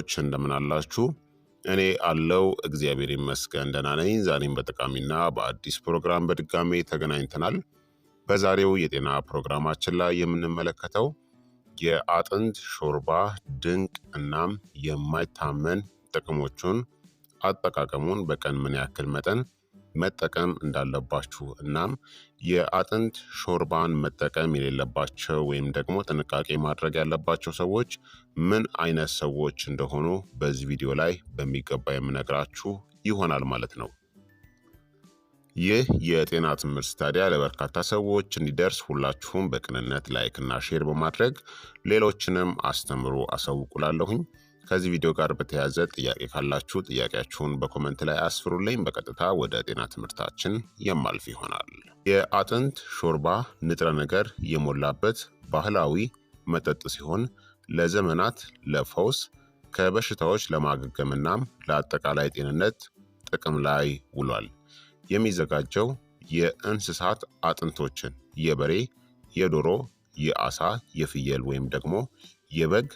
ሰዎች እንደምን አላችሁ? እኔ አለው እግዚአብሔር ይመስገን ደህና ነኝ። ዛሬም በጠቃሚና በአዲስ ፕሮግራም በድጋሜ ተገናኝተናል። በዛሬው የጤና ፕሮግራማችን ላይ የምንመለከተው የአጥንት ሾርባ ድንቅ እናም የማይታመን ጥቅሞቹን፣ አጠቃቀሙን፣ በቀን ምን ያክል መጠን መጠቀም እንዳለባችሁ እናም የአጥንት ሾርባን መጠቀም የሌለባቸው ወይም ደግሞ ጥንቃቄ ማድረግ ያለባቸው ሰዎች ምን አይነት ሰዎች እንደሆኑ በዚህ ቪዲዮ ላይ በሚገባ የምነግራችሁ ይሆናል ማለት ነው። ይህ የጤና ትምህርት ታዲያ ለበርካታ ሰዎች እንዲደርስ ሁላችሁም በቅንነት ላይክና ሼር በማድረግ ሌሎችንም አስተምሩ አሳውቁላለሁኝ። ከዚህ ቪዲዮ ጋር በተያያዘ ጥያቄ ካላችሁ ጥያቄያችሁን በኮመንት ላይ አስፍሩልኝ። በቀጥታ ወደ ጤና ትምህርታችን የማልፍ ይሆናል። የአጥንት ሾርባ ንጥረ ነገር የሞላበት ባህላዊ መጠጥ ሲሆን ለዘመናት ለፈውስ ከበሽታዎች ለማገገምናም ለአጠቃላይ ጤንነት ጥቅም ላይ ውሏል። የሚዘጋጀው የእንስሳት አጥንቶችን የበሬ፣ የዶሮ፣ የአሳ፣ የፍየል ወይም ደግሞ የበግ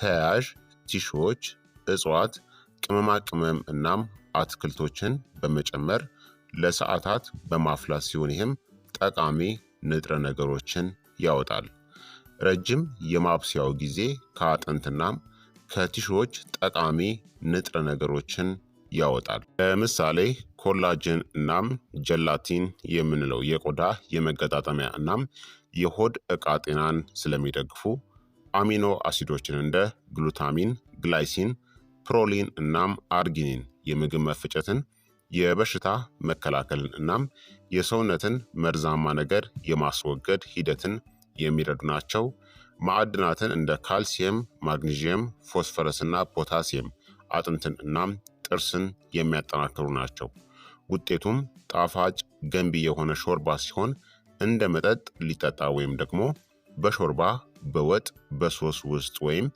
ተያያዥ ቲሹዎች፣ እጽዋት፣ ቅመማ ቅመም እናም አትክልቶችን በመጨመር ለሰዓታት በማፍላት ሲሆን ይህም ጠቃሚ ንጥረ ነገሮችን ያወጣል። ረጅም የማብሰያው ጊዜ ከአጥንትናም ከቲሹዎች ጠቃሚ ንጥረ ነገሮችን ያወጣል። ለምሳሌ ኮላጅን እናም ጀላቲን የምንለው የቆዳ የመገጣጠሚያ እናም የሆድ እቃ ጤናን ስለሚደግፉ አሚኖ አሲዶችን እንደ ግሉታሚን፣ ግላይሲን፣ ፕሮሊን እናም አርጊኒን የምግብ መፈጨትን፣ የበሽታ መከላከልን እናም የሰውነትን መርዛማ ነገር የማስወገድ ሂደትን የሚረዱ ናቸው። ማዕድናትን እንደ ካልሲየም፣ ማግኒዥየም፣ ፎስፈረስና ፖታሲየም አጥንትን እናም ጥርስን የሚያጠናክሩ ናቸው። ውጤቱም ጣፋጭ ገንቢ የሆነ ሾርባ ሲሆን እንደ መጠጥ ሊጠጣ ወይም ደግሞ በሾርባ በወጥ በሶስ ውስጥ ወይም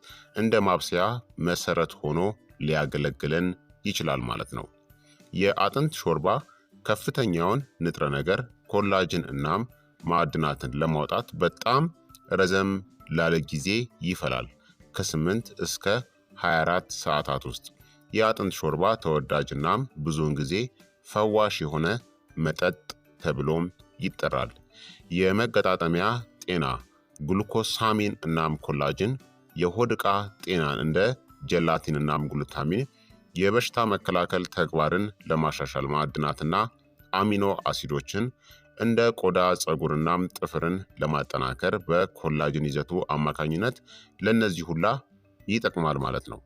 እንደ ማብሰያ መሰረት ሆኖ ሊያገለግለን ይችላል ማለት ነው። የአጥንት ሾርባ ከፍተኛውን ንጥረ ነገር ኮላጅን እናም ማዕድናትን ለማውጣት በጣም ረዘም ላለ ጊዜ ይፈላል፣ ከ8 እስከ 24 ሰዓታት ውስጥ። የአጥንት ሾርባ ተወዳጅ እናም ብዙውን ጊዜ ፈዋሽ የሆነ መጠጥ ተብሎም ይጠራል። የመገጣጠሚያ ጤና ግሉኮሳሚን እናም ኮላጅን፣ የሆድ ዕቃ ጤናን እንደ ጀላቲን እናም ግሉታሚን፣ የበሽታ መከላከል ተግባርን ለማሻሻል ማዕድናትና አሚኖ አሲዶችን እንደ ቆዳ ጸጉርናም ጥፍርን ለማጠናከር በኮላጅን ይዘቱ አማካኝነት ለእነዚህ ሁላ ይጠቅማል ማለት ነው።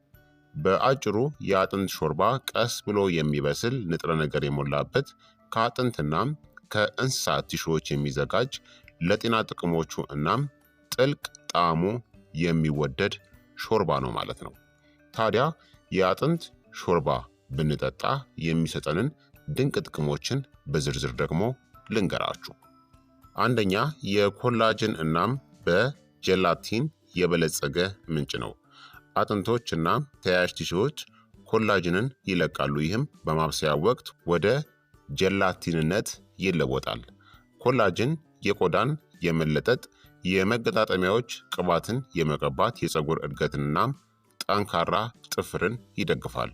በአጭሩ የአጥንት ሾርባ ቀስ ብሎ የሚበስል ንጥረ ነገር የሞላበት ከአጥንትናም ከእንስሳት ቲሾዎች የሚዘጋጅ ለጤና ጥቅሞቹ እናም ጥልቅ ጣዕሙ የሚወደድ ሾርባ ነው ማለት ነው። ታዲያ የአጥንት ሾርባ ብንጠጣ የሚሰጠንን ድንቅ ጥቅሞችን በዝርዝር ደግሞ ልንገራችሁ። አንደኛ የኮላጅን እናም በጀላቲን የበለጸገ ምንጭ ነው። አጥንቶች እናም ተያያዥ ቲሹዎች ኮላጅንን ይለቃሉ። ይህም በማብሰያ ወቅት ወደ ጀላቲንነት ይለወጣል። ኮላጅን የቆዳን የመለጠጥ የመገጣጠሚያዎች ቅባትን የመቀባት የፀጉር እድገትንና ጠንካራ ጥፍርን ይደግፋል።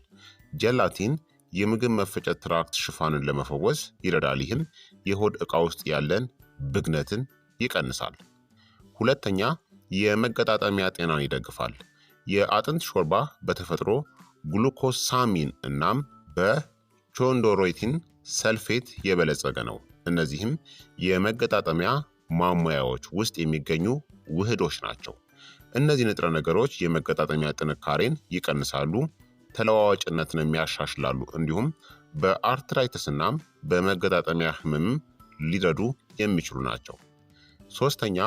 ጀላቲን የምግብ መፈጨት ትራክት ሽፋንን ለመፈወስ ይረዳል። ይህም የሆድ ዕቃ ውስጥ ያለን ብግነትን ይቀንሳል። ሁለተኛ የመገጣጠሚያ ጤናን ይደግፋል። የአጥንት ሾርባ በተፈጥሮ ግሉኮሳሚን እናም በቾንዶሮይቲን ሰልፌት የበለጸገ ነው። እነዚህም የመገጣጠሚያ ማሙያዎች ውስጥ የሚገኙ ውህዶች ናቸው። እነዚህ ንጥረ ነገሮች የመገጣጠሚያ ጥንካሬን ይቀንሳሉ፣ ተለዋዋጭነትንም ያሻሽላሉ፣ እንዲሁም በአርትራይተስና በመገጣጠሚያ ህመም ሊረዱ የሚችሉ ናቸው። ሶስተኛ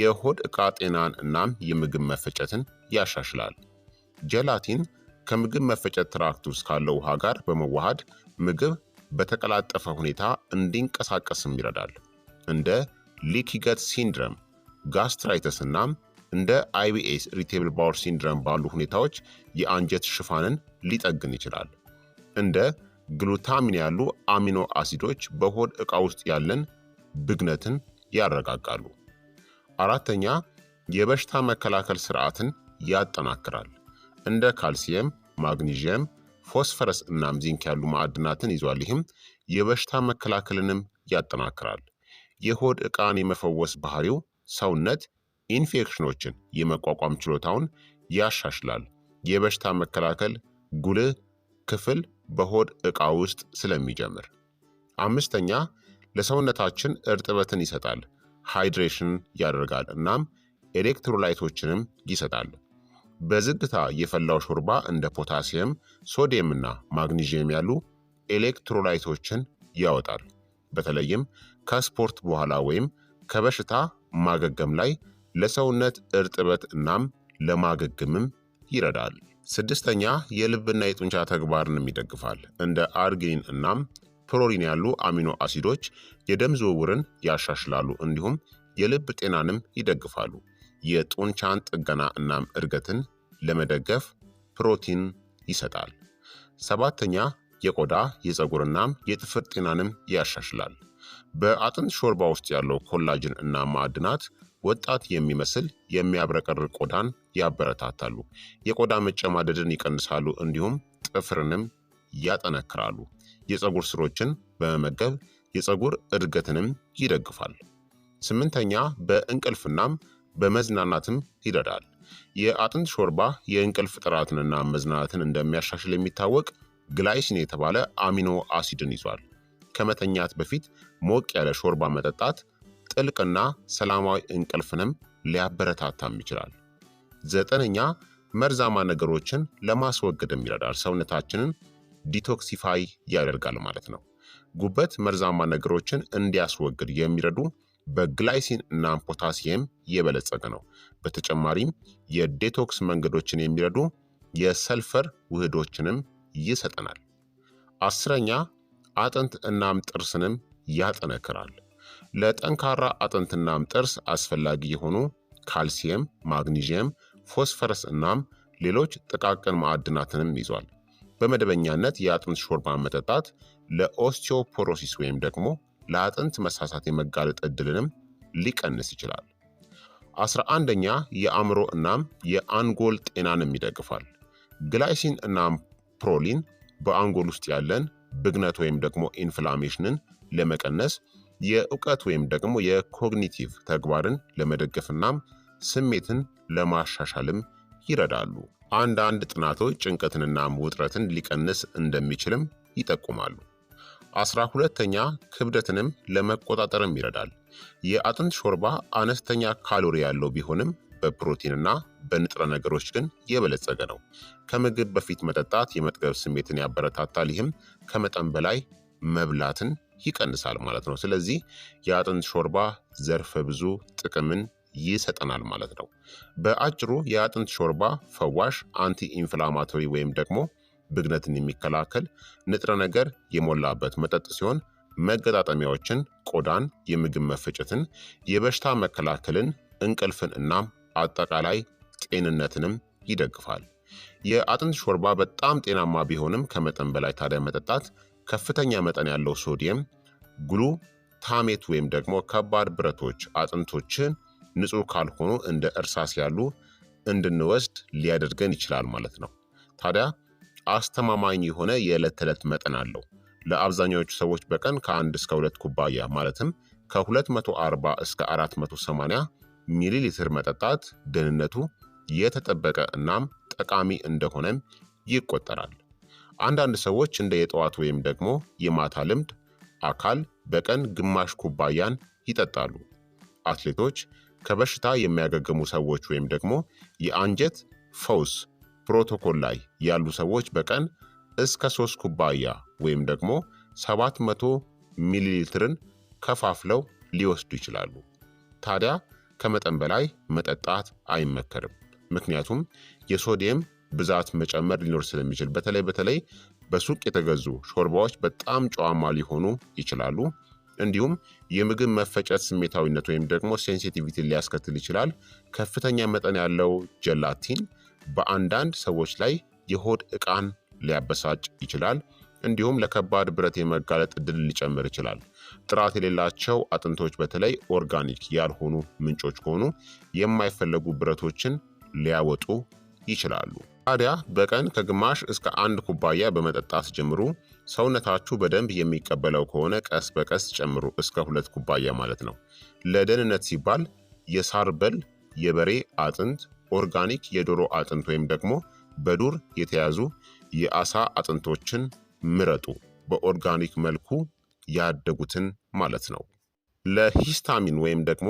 የሆድ ዕቃ ጤናን እናም የምግብ መፈጨትን ያሻሽላል። ጀላቲን ከምግብ መፈጨት ትራክት ውስጥ ካለው ውሃ ጋር በመዋሃድ ምግብ በተቀላጠፈ ሁኔታ እንዲንቀሳቀስም ይረዳል። እንደ ሊኪ ሲንድረም፣ ጋስትራይተስ እናም እንደ አይቢኤስ ሪቴብል ባውል ሲንድረም ባሉ ሁኔታዎች የአንጀት ሽፋንን ሊጠግን ይችላል። እንደ ግሉታሚን ያሉ አሚኖ አሲዶች በሆድ ዕቃ ውስጥ ያለን ብግነትን ያረጋጋሉ። አራተኛ የበሽታ መከላከል ስርዓትን ያጠናክራል። እንደ ካልሲየም፣ ማግኒዥየም፣ ፎስፈረስ እናም ዚንክ ያሉ ማዕድናትን ይዟል። ይህም የበሽታ መከላከልንም ያጠናክራል። የሆድ ዕቃን የመፈወስ ባህሪው ሰውነት ኢንፌክሽኖችን የመቋቋም ችሎታውን ያሻሽላል። የበሽታ መከላከል ጉልህ ክፍል በሆድ ዕቃ ውስጥ ስለሚጀምር። አምስተኛ ለሰውነታችን እርጥበትን ይሰጣል፣ ሃይድሬሽን ያደርጋል እናም ኤሌክትሮላይቶችንም ይሰጣል። በዝግታ የፈላው ሾርባ እንደ ፖታሲየም፣ ሶዲየምና ማግኒዥየም ያሉ ኤሌክትሮላይቶችን ያወጣል። በተለይም ከስፖርት በኋላ ወይም ከበሽታ ማገገም ላይ ለሰውነት እርጥበት እናም ለማገግምም ይረዳል። ስድስተኛ የልብና የጡንቻ ተግባርንም ይደግፋል። እንደ አርጊኒን እናም ፕሮሪን ያሉ አሚኖ አሲዶች የደም ዝውውርን ያሻሽላሉ፣ እንዲሁም የልብ ጤናንም ይደግፋሉ። የጡንቻን ጥገና እናም እድገትን ለመደገፍ ፕሮቲን ይሰጣል። ሰባተኛ የቆዳ የፀጉር እናም የጥፍር ጤናንም ያሻሽላል። በአጥንት ሾርባ ውስጥ ያለው ኮላጅን እና ማዕድናት ወጣት የሚመስል የሚያብረቀርቅ ቆዳን ያበረታታሉ፣ የቆዳ መጨማደድን ይቀንሳሉ፣ እንዲሁም ጥፍርንም ያጠነክራሉ። የፀጉር ስሮችን በመመገብ የፀጉር እድገትንም ይደግፋል። ስምንተኛ በእንቅልፍናም በመዝናናትም ይረዳል። የአጥንት ሾርባ የእንቅልፍ ጥራትንና መዝናናትን እንደሚያሻሽል የሚታወቅ ግላይሲን የተባለ አሚኖ አሲድን ይዟል። ከመተኛት በፊት ሞቅ ያለ ሾርባ መጠጣት ጥልቅና ሰላማዊ እንቅልፍንም ሊያበረታታም ይችላል። ዘጠነኛ መርዛማ ነገሮችን ለማስወገድም ይረዳል። ሰውነታችንን ዲቶክሲፋይ ያደርጋል ማለት ነው። ጉበት መርዛማ ነገሮችን እንዲያስወግድ የሚረዱ በግላይሲን እና ፖታሲየም የበለጸገ ነው። በተጨማሪም የዴቶክስ መንገዶችን የሚረዱ የሰልፈር ውህዶችንም ይሰጠናል። አስረኛ አጥንት እናም ጥርስንም ያጠነክራል። ለጠንካራ አጥንት እናም ጥርስ አስፈላጊ የሆኑ ካልሲየም፣ ማግኒዥየም፣ ፎስፈረስ እናም ሌሎች ጥቃቅን ማዕድናትንም ይዟል። በመደበኛነት የአጥንት ሾርባ መጠጣት ለኦስቲዮፖሮሲስ ወይም ደግሞ ለአጥንት መሳሳት የመጋለጥ እድልንም ሊቀንስ ይችላል። አስራ አንደኛ የአእምሮ እናም የአንጎል ጤናንም ይደግፋል። ግላይሲን እናም ፕሮሊን በአንጎል ውስጥ ያለን ብግነት ወይም ደግሞ ኢንፍላሜሽንን ለመቀነስ የእውቀት ወይም ደግሞ የኮግኒቲቭ ተግባርን ለመደገፍናም ስሜትን ለማሻሻልም ይረዳሉ። አንዳንድ ጥናቶች ጭንቀትንና ውጥረትን ሊቀንስ እንደሚችልም ይጠቁማሉ። አስራ ሁለተኛ ክብደትንም ለመቆጣጠርም ይረዳል። የአጥንት ሾርባ አነስተኛ ካሎሪ ያለው ቢሆንም በፕሮቲንና በንጥረ ነገሮች ግን የበለጸገ ነው። ከምግብ በፊት መጠጣት የመጥገብ ስሜትን ያበረታታል። ይህም ከመጠን በላይ መብላትን ይቀንሳል ማለት ነው። ስለዚህ የአጥንት ሾርባ ዘርፈ ብዙ ጥቅምን ይሰጠናል ማለት ነው። በአጭሩ የአጥንት ሾርባ ፈዋሽ፣ አንቲ ኢንፍላማቶሪ ወይም ደግሞ ብግነትን የሚከላከል ንጥረ ነገር የሞላበት መጠጥ ሲሆን መገጣጠሚያዎችን፣ ቆዳን፣ የምግብ መፈጨትን፣ የበሽታ መከላከልን፣ እንቅልፍን እናም አጠቃላይ ጤንነትንም ይደግፋል። የአጥንት ሾርባ በጣም ጤናማ ቢሆንም ከመጠን በላይ ታዲያ መጠጣት ከፍተኛ መጠን ያለው ሶዲየም፣ ታሜት ወይም ደግሞ ከባድ ብረቶች አጥንቶችን ንጹህ ካልሆኑ እንደ እርሳስ ያሉ እንድንወስድ ሊያደርገን ይችላል ማለት ነው። ታዲያ አስተማማኝ የሆነ የዕለት ተዕለት መጠን አለው። ለአብዛኛዎቹ ሰዎች በቀን ከአንድ እስከ ሁለት ኩባያ ማለትም ከ240 እስከ 480 ሚሊ ሊትር መጠጣት ደህንነቱ የተጠበቀ እናም ጠቃሚ እንደሆነም ይቆጠራል። አንዳንድ ሰዎች እንደ የጠዋት ወይም ደግሞ የማታ ልምድ አካል በቀን ግማሽ ኩባያን ይጠጣሉ። አትሌቶች፣ ከበሽታ የሚያገግሙ ሰዎች ወይም ደግሞ የአንጀት ፈውስ ፕሮቶኮል ላይ ያሉ ሰዎች በቀን እስከ 3 ኩባያ ወይም ደግሞ 700 ሚሊ ሊትርን ከፋፍለው ሊወስዱ ይችላሉ። ታዲያ ከመጠን በላይ መጠጣት አይመከርም። ምክንያቱም የሶዲየም ብዛት መጨመር ሊኖር ስለሚችል በተለይ በተለይ በሱቅ የተገዙ ሾርባዎች በጣም ጨዋማ ሊሆኑ ይችላሉ። እንዲሁም የምግብ መፈጨት ስሜታዊነት ወይም ደግሞ ሴንሲቲቪቲ ሊያስከትል ይችላል። ከፍተኛ መጠን ያለው ጀላቲን በአንዳንድ ሰዎች ላይ የሆድ ዕቃን ሊያበሳጭ ይችላል። እንዲሁም ለከባድ ብረት የመጋለጥ እድል ሊጨምር ይችላል። ጥራት የሌላቸው አጥንቶች በተለይ ኦርጋኒክ ያልሆኑ ምንጮች ከሆኑ የማይፈለጉ ብረቶችን ሊያወጡ ይችላሉ። ታዲያ በቀን ከግማሽ እስከ አንድ ኩባያ በመጠጣት ጀምሩ። ሰውነታችሁ በደንብ የሚቀበለው ከሆነ ቀስ በቀስ ጨምሩ፣ እስከ ሁለት ኩባያ ማለት ነው። ለደህንነት ሲባል የሳር በል የበሬ አጥንት፣ ኦርጋኒክ የዶሮ አጥንት ወይም ደግሞ በዱር የተያዙ የአሳ አጥንቶችን ምረጡ። በኦርጋኒክ መልኩ ያደጉትን ማለት ነው። ለሂስታሚን ወይም ደግሞ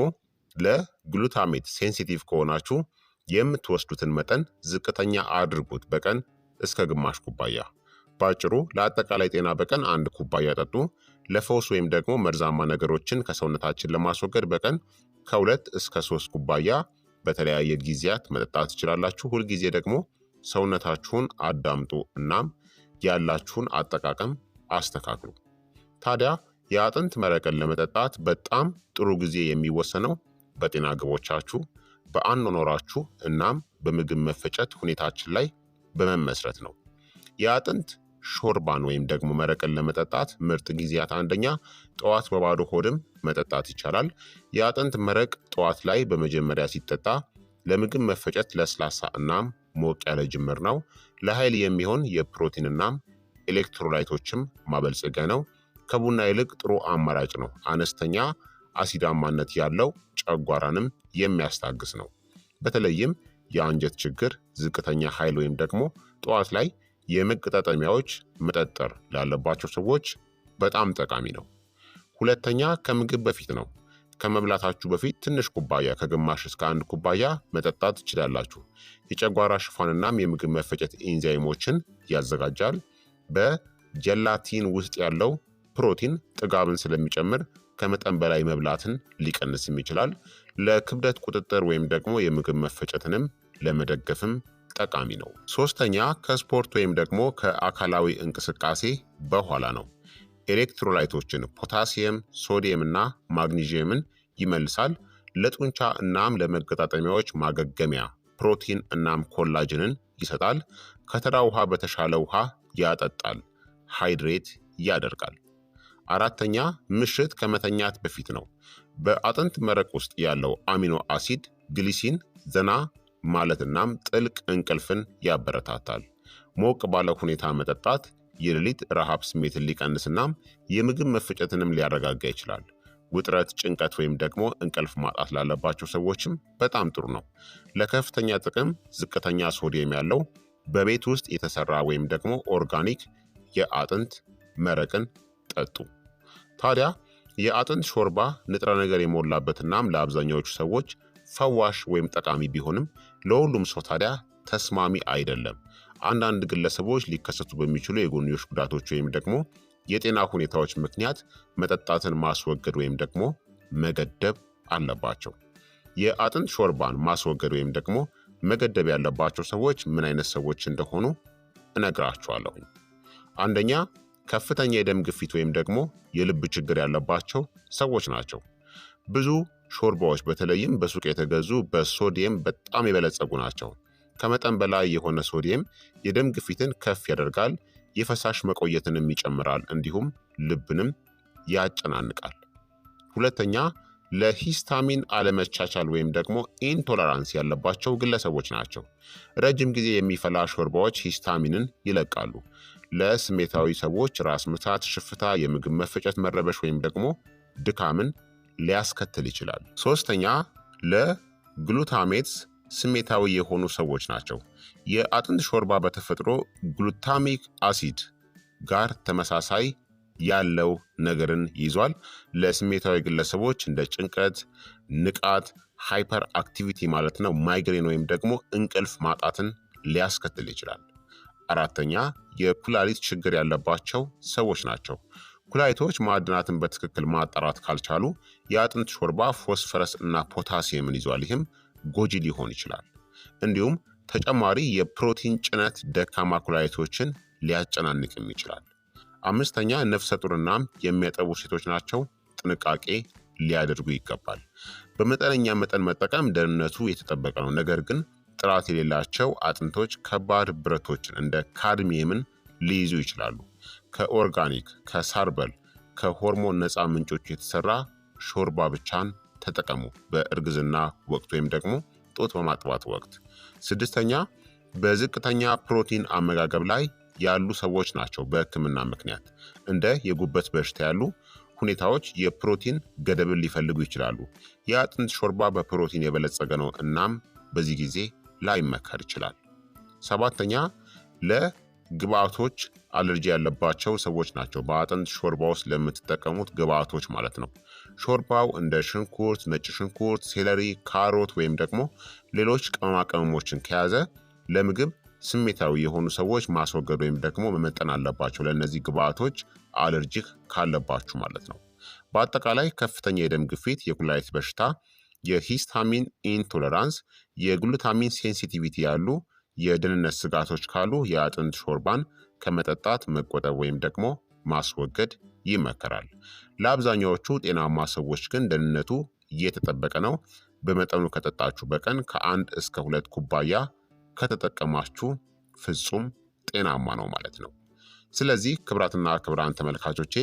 ለግሉታሜት ሴንሲቲቭ ከሆናችሁ የምትወስዱትን መጠን ዝቅተኛ አድርጉት። በቀን እስከ ግማሽ ኩባያ ባጭሩ ለአጠቃላይ ጤና በቀን አንድ ኩባያ ጠጡ። ለፈውስ ወይም ደግሞ መርዛማ ነገሮችን ከሰውነታችን ለማስወገድ በቀን ከሁለት እስከ ሶስት ኩባያ በተለያየ ጊዜያት መጠጣት ትችላላችሁ። ሁልጊዜ ደግሞ ሰውነታችሁን አዳምጡ እናም ያላችሁን አጠቃቀም አስተካክሉ። ታዲያ የአጥንት መረቀን ለመጠጣት በጣም ጥሩ ጊዜ የሚወሰነው በጤና ግቦቻችሁ፣ በአኗኗራችሁ እናም በምግብ መፈጨት ሁኔታችን ላይ በመመስረት ነው። የአጥንት ሾርባን ወይም ደግሞ መረቀን ለመጠጣት ምርጥ ጊዜያት አንደኛ ጠዋት በባዶ ሆድም መጠጣት ይቻላል። የአጥንት መረቅ ጠዋት ላይ በመጀመሪያ ሲጠጣ ለምግብ መፈጨት ለስላሳ እናም ሞቅ ያለ ጅምር ነው። ለኃይል የሚሆን የፕሮቲንና ኤሌክትሮላይቶችም ማበልጸገ ነው። ከቡና ይልቅ ጥሩ አማራጭ ነው። አነስተኛ አሲዳማነት ያለው ጨጓራንም የሚያስታግስ ነው። በተለይም የአንጀት ችግር፣ ዝቅተኛ ኃይል ወይም ደግሞ ጠዋት ላይ የመቀጣጠሚያዎች መጠጠር ላለባቸው ሰዎች በጣም ጠቃሚ ነው። ሁለተኛ ከምግብ በፊት ነው። ከመብላታችሁ በፊት ትንሽ ኩባያ ከግማሽ እስከ አንድ ኩባያ መጠጣት ትችላላችሁ። የጨጓራ ሽፋንናም የምግብ መፈጨት ኤንዛይሞችን ያዘጋጃል። በጀላቲን ውስጥ ያለው ፕሮቲን ጥጋብን ስለሚጨምር ከመጠን በላይ መብላትን ሊቀንስም ይችላል። ለክብደት ቁጥጥር ወይም ደግሞ የምግብ መፈጨትንም ለመደገፍም ጠቃሚ ነው። ሶስተኛ ከስፖርት ወይም ደግሞ ከአካላዊ እንቅስቃሴ በኋላ ነው። ኤሌክትሮላይቶችን ፖታሲየም፣ ሶዲየም እና ማግኒዥየምን ይመልሳል። ለጡንቻ እናም ለመገጣጠሚያዎች ማገገሚያ ፕሮቲን እናም ኮላጅንን ይሰጣል። ከተራ ውሃ በተሻለ ውሃ ያጠጣል፣ ሃይድሬት ያደርጋል። አራተኛ ምሽት ከመተኛት በፊት ነው። በአጥንት መረቅ ውስጥ ያለው አሚኖ አሲድ ግሊሲን ዘና ማለት እናም ጥልቅ እንቅልፍን ያበረታታል። ሞቅ ባለ ሁኔታ መጠጣት የሌሊት ረሃብ ስሜትን ሊቀንስና የምግብ መፈጨትንም ሊያረጋጋ ይችላል። ውጥረት፣ ጭንቀት ወይም ደግሞ እንቅልፍ ማጣት ላለባቸው ሰዎችም በጣም ጥሩ ነው። ለከፍተኛ ጥቅም ዝቅተኛ ሶዲየም ያለው በቤት ውስጥ የተሰራ ወይም ደግሞ ኦርጋኒክ የአጥንት መረቅን ጠጡ። ታዲያ የአጥንት ሾርባ ንጥረ ነገር የሞላበትናም ለአብዛኛዎቹ ሰዎች ፈዋሽ ወይም ጠቃሚ ቢሆንም ለሁሉም ሰው ታዲያ ተስማሚ አይደለም። አንዳንድ ግለሰቦች ሊከሰቱ በሚችሉ የጎንዮሽ ጉዳቶች ወይም ደግሞ የጤና ሁኔታዎች ምክንያት መጠጣትን ማስወገድ ወይም ደግሞ መገደብ አለባቸው። የአጥንት ሾርባን ማስወገድ ወይም ደግሞ መገደብ ያለባቸው ሰዎች ምን አይነት ሰዎች እንደሆኑ እነግራችኋለሁ። አንደኛ ከፍተኛ የደም ግፊት ወይም ደግሞ የልብ ችግር ያለባቸው ሰዎች ናቸው። ብዙ ሾርባዎች በተለይም በሱቅ የተገዙ በሶዲየም በጣም የበለጸጉ ናቸው። ከመጠን በላይ የሆነ ሶዲየም የደም ግፊትን ከፍ ያደርጋል፣ የፈሳሽ መቆየትንም ይጨምራል፣ እንዲሁም ልብንም ያጨናንቃል። ሁለተኛ ለሂስታሚን አለመቻቻል ወይም ደግሞ ኢንቶለራንስ ያለባቸው ግለሰቦች ናቸው። ረጅም ጊዜ የሚፈላ ሾርባዎች ሂስታሚንን ይለቃሉ። ለስሜታዊ ሰዎች ራስ ምታት፣ ሽፍታ፣ የምግብ መፈጨት መረበሽ ወይም ደግሞ ድካምን ሊያስከትል ይችላል። ሶስተኛ ለግሉታሜትስ ስሜታዊ የሆኑ ሰዎች ናቸው። የአጥንት ሾርባ በተፈጥሮ ግሉታሚክ አሲድ ጋር ተመሳሳይ ያለው ነገርን ይዟል። ለስሜታዊ ግለሰቦች እንደ ጭንቀት፣ ንቃት፣ ሃይፐር አክቲቪቲ ማለት ነው፣ ማይግሬን ወይም ደግሞ እንቅልፍ ማጣትን ሊያስከትል ይችላል። አራተኛ የኩላሊት ችግር ያለባቸው ሰዎች ናቸው። ኩላሊቶች ማዕድናትን በትክክል ማጣራት ካልቻሉ የአጥንት ሾርባ ፎስፈረስ እና ፖታሲየምን ይዟል። ይህም ጎጂ ሊሆን ይችላል። እንዲሁም ተጨማሪ የፕሮቲን ጭነት ደካማ ኩላሊቶችን ሊያጨናንቅም ይችላል። አምስተኛ ነፍሰ ጡርና የሚያጠቡ ሴቶች ናቸው። ጥንቃቄ ሊያደርጉ ይገባል። በመጠነኛ መጠን መጠቀም ደህንነቱ የተጠበቀ ነው። ነገር ግን ጥራት የሌላቸው አጥንቶች ከባድ ብረቶችን እንደ ካድሚየምን ሊይዙ ይችላሉ። ከኦርጋኒክ ከሳርበል ከሆርሞን ነፃ ምንጮች የተሰራ ሾርባ ብቻን ተጠቀሙ በእርግዝና ወቅት ወይም ደግሞ ጡት በማጥባት ወቅት። ስድስተኛ በዝቅተኛ ፕሮቲን አመጋገብ ላይ ያሉ ሰዎች ናቸው። በህክምና ምክንያት እንደ የጉበት በሽታ ያሉ ሁኔታዎች የፕሮቲን ገደብን ሊፈልጉ ይችላሉ። የአጥንት ሾርባ በፕሮቲን የበለጸገ ነው፣ እናም በዚህ ጊዜ ላይመከር ይችላል። ሰባተኛ ለግብአቶች አለርጂ ያለባቸው ሰዎች ናቸው። በአጥንት ሾርባ ውስጥ ለምትጠቀሙት ግብአቶች ማለት ነው። ሾርባው እንደ ሽንኩርት፣ ነጭ ሽንኩርት፣ ሴለሪ፣ ካሮት ወይም ደግሞ ሌሎች ቅመማ ቅመሞችን ከያዘ ለምግብ ስሜታዊ የሆኑ ሰዎች ማስወገድ ወይም ደግሞ መመጠን አለባቸው፣ ለእነዚህ ግብአቶች አለርጂክ ካለባችሁ ማለት ነው። በአጠቃላይ ከፍተኛ የደም ግፊት፣ የኩላሊት በሽታ፣ የሂስታሚን ኢንቶለራንስ፣ የግሉታሚን ሴንሲቲቪቲ ያሉ የደህንነት ስጋቶች ካሉ የአጥንት ሾርባን ከመጠጣት መቆጠብ ወይም ደግሞ ማስወገድ ይመከራል። ለአብዛኛዎቹ ጤናማ ሰዎች ግን ደህንነቱ እየተጠበቀ ነው። በመጠኑ ከጠጣችሁ በቀን ከአንድ እስከ ሁለት ኩባያ ከተጠቀማችሁ ፍጹም ጤናማ ነው ማለት ነው። ስለዚህ ክብራትና ክብራን ተመልካቾቼ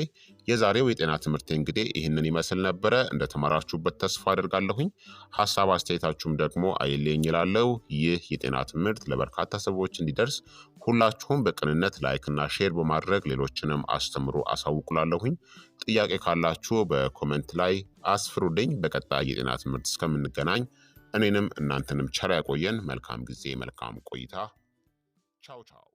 የዛሬው የጤና ትምህርቴ እንግዲህ ይህንን ይመስል ነበረ። እንደተማራችሁበት ተስፋ አድርጋለሁኝ። ሀሳብ አስተያየታችሁም ደግሞ አይለኝ ይላለው። ይህ የጤና ትምህርት ለበርካታ ሰዎች እንዲደርስ ሁላችሁም በቅንነት ላይክ እና ሼር በማድረግ ሌሎችንም አስተምሩ አሳውቁላለሁኝ። ጥያቄ ካላችሁ በኮመንት ላይ አስፍሩልኝ። በቀጣይ የጤና ትምህርት እስከምንገናኝ እኔንም እናንተንም ቸር ያቆየን። መልካም ጊዜ፣ መልካም ቆይታ። ቻው ቻው